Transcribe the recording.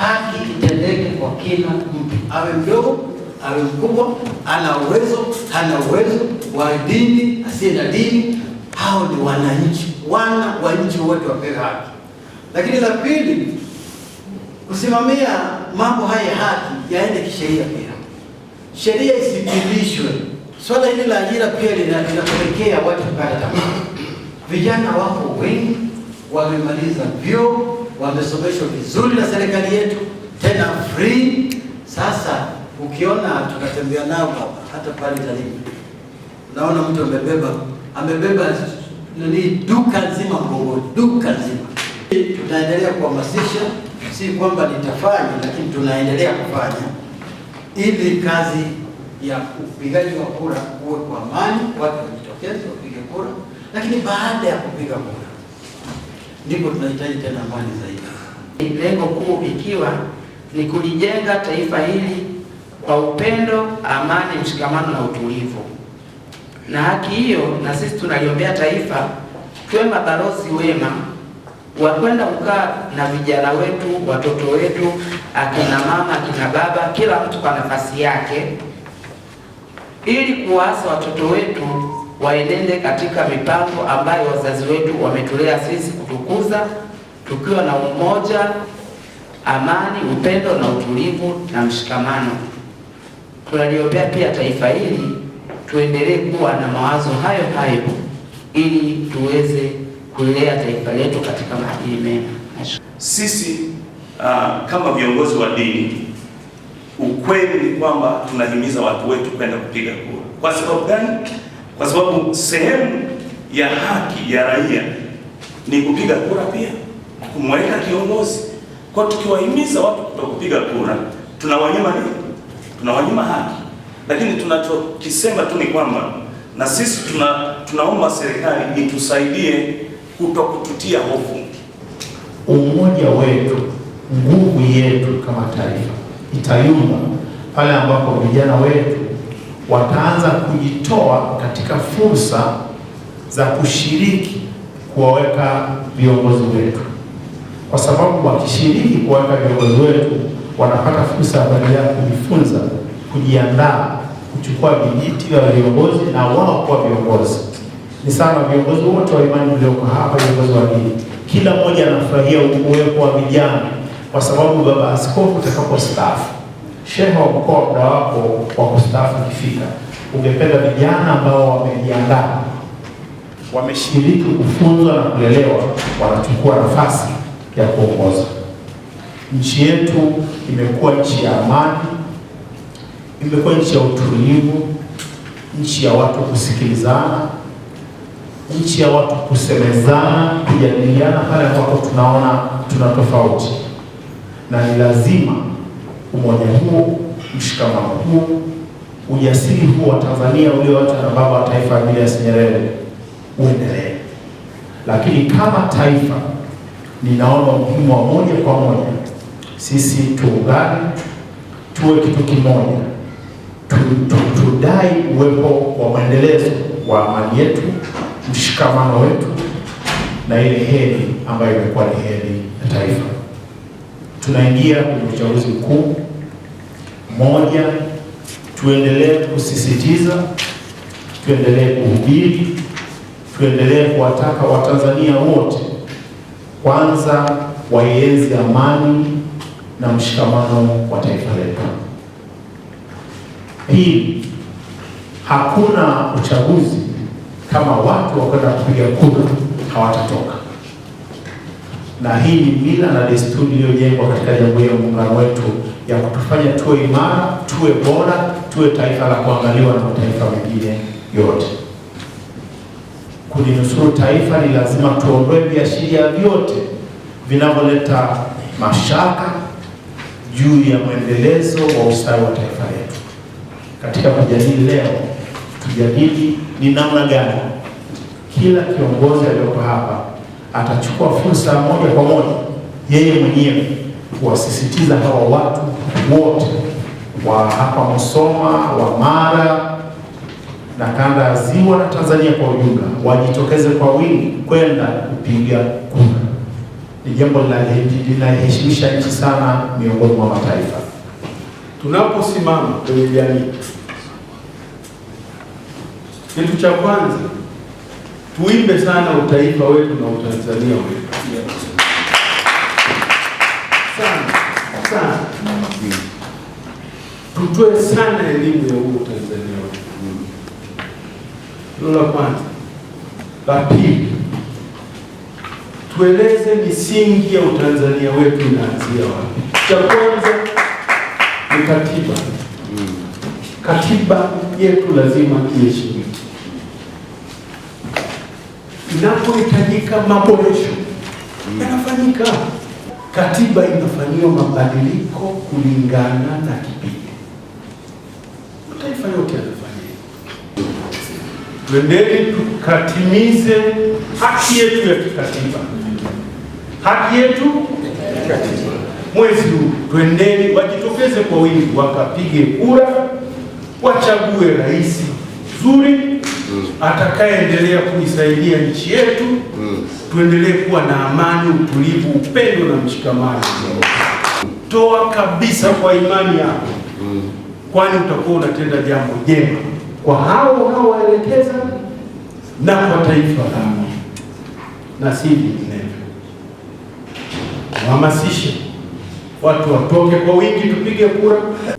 haki itendeke kwa kila mtu, awe mdogo awe mkubwa, ana uwezo hana uwezo, wa dini asiye na dini, hao ni wananchi, wana wa nchi wote wapewe haki. Lakini la pili, kusimamia mambo haya haki yaende kisheria pia, sheria isipitishwe. Swala hili la ajira pia linapelekea watu kukata tamaa. Vijana wako wengi wamemaliza vyuo wamesomeshwa vizuri na serikali yetu tena free. Sasa ukiona tunatembea nao hata pale Tarime, unaona mtu amebeba amebeba nani, duka nzima mgongoni, duka nzima. Tunaendelea kuhamasisha, si kwamba nitafanya, lakini tunaendelea kufanya ili kazi ya upigaji wa kura uwe kwa amani, watu wajitokeze wapige kura, lakini baada ya kupiga kura ndipo tunahitaji tena amani zaidi, lengo kuu ikiwa ni kulijenga taifa hili kwa upendo, amani, mshikamano na utulivu. Na haki hiyo, na sisi tunaliombea taifa tuwe mabalozi wema wa kwenda kukaa na vijana wetu, watoto wetu, akina mama, akina baba, kila mtu kwa nafasi yake, ili kuwaasa watoto wetu waenende katika mipango ambayo wazazi wetu wametulea sisi kutukuza, tukiwa na umoja, amani, upendo na utulivu na mshikamano. Tunaliombea pia taifa hili tuendelee kuwa na mawazo hayo hayo ili tuweze kulea taifa letu katika maadili mema. Sisi uh, kama viongozi wa dini, ukweli ni kwamba tunahimiza watu wetu kwenda kupiga kura. Kwa sababu gani? kwa sababu sehemu ya haki ya raia ni kupiga kura, pia kumweka kiongozi. Kwa tukiwahimiza watu kutokupiga kura, tunawanyima nini? Tunawanyima haki. Lakini tunachokisema tu ni kwamba na sisi tuna, tunaomba serikali itusaidie kutokututia hofu. Umoja wetu, nguvu yetu kama taifa itayumba pale ambapo vijana wetu wataanza kujitoa katika fursa za kushiriki kuwaweka viongozi wetu, kwa sababu wakishiriki kuwaweka viongozi wetu wanapata fursa ya kuendelea kujifunza, kujiandaa, kuchukua vijiti vya viongozi na wao kuwa viongozi. Ni sana viongozi wote wa imani walioko hapa, viongozi wa dini, kila mmoja anafurahia uwepo wa vijana, kwa sababu baba askofu utakapo staafu shehe wa mkoa, muda wako wa kustaafu ukifika, ungependa vijana ambao wamejiandaa, wameshiriki kufunzwa na kulelewa, wanachukua nafasi ya kuongoza nchi yetu. Imekuwa nchi ya amani, imekuwa nchi ya utulivu, nchi ya watu kusikilizana, nchi ya watu kusemezana, kujadiliana pale ambapo tunaona tuna tofauti, na ni lazima umoja huu, mshikamano huu, ujasiri huu wa Tanzania ulioachwa na baba wa taifa Julius Nyerere uendelee. Lakini kama taifa, ninaona umuhimu wa moja kwa moja sisi tuungane, tuwe kitu kimoja, tudai uwepo wa maendelezo wa amani yetu, mshikamano wetu na ile heri ambayo imekuwa ni heri ya taifa tunaingia kwenye uchaguzi mkuu. Moja, tuendelee kusisitiza, tuendelee kuhubiri, tuendelee kuwataka Watanzania wote kwanza waienzi amani na mshikamano wa taifa letu. Pili, hakuna uchaguzi kama watu wakwenda kupiga kura hawatatoka na hii ni mila na desturi iliyojengwa katika Jamhuri ya Muungano wetu ya kutufanya tuwe imara, tuwe bora, tuwe taifa la kuangaliwa na mataifa mengine yote. Kulinusuru taifa ni lazima tuondoe viashiria vyote vinavyoleta mashaka juu ya mwendelezo wa ustawi wa taifa letu. Katika kujadili leo, tujadili ni namna gani kila kiongozi aliyoko hapa atachukua fursa moja kwa moja yeye mwenyewe kuwasisitiza hawa watu wote wa hapa Musoma, wa Mara na kanda ya Ziwa na Tanzania kwa ujumla wajitokeze kwa wingi kwenda kupiga kura. Ni jambo linaheshimisha nchi sana miongoni mwa mataifa. Tunaposimama kwenye jamii, kitu cha kwanza tuimbe sana utaifa wetu na utanzania wetu sana sana, tutoe sana elimu ya huo utanzania wetu. Hilo la kwanza. La pili, tueleze misingi ya utanzania wetu inaanzia wapi. Cha kwanza ni katiba. Katiba yetu lazima iheshimike inapohitajika maboresho mm. yanafanyika. Katiba inafanyiwa mabadiliko kulingana na kipindi, mataifa yote yanafanya. Twendeni tukatimize haki yetu ya kikatiba, haki yetu kikatiba. Mwezi huu twendeni, wajitokeze kwa wingi, wakapige kura, wachague rais zuri mm. atakayeendelea kuisaidia nchi yetu mm. tuendelee kuwa na amani, utulivu, upendo na mshikamano mm. toa kabisa kwa imani yako mm. kwani utakuwa unatenda jambo jema kwa hao unaowaelekeza na kwa taifa lako na si vinginevyo. Wahamasishe watu watoke kwa wingi, tupige kura.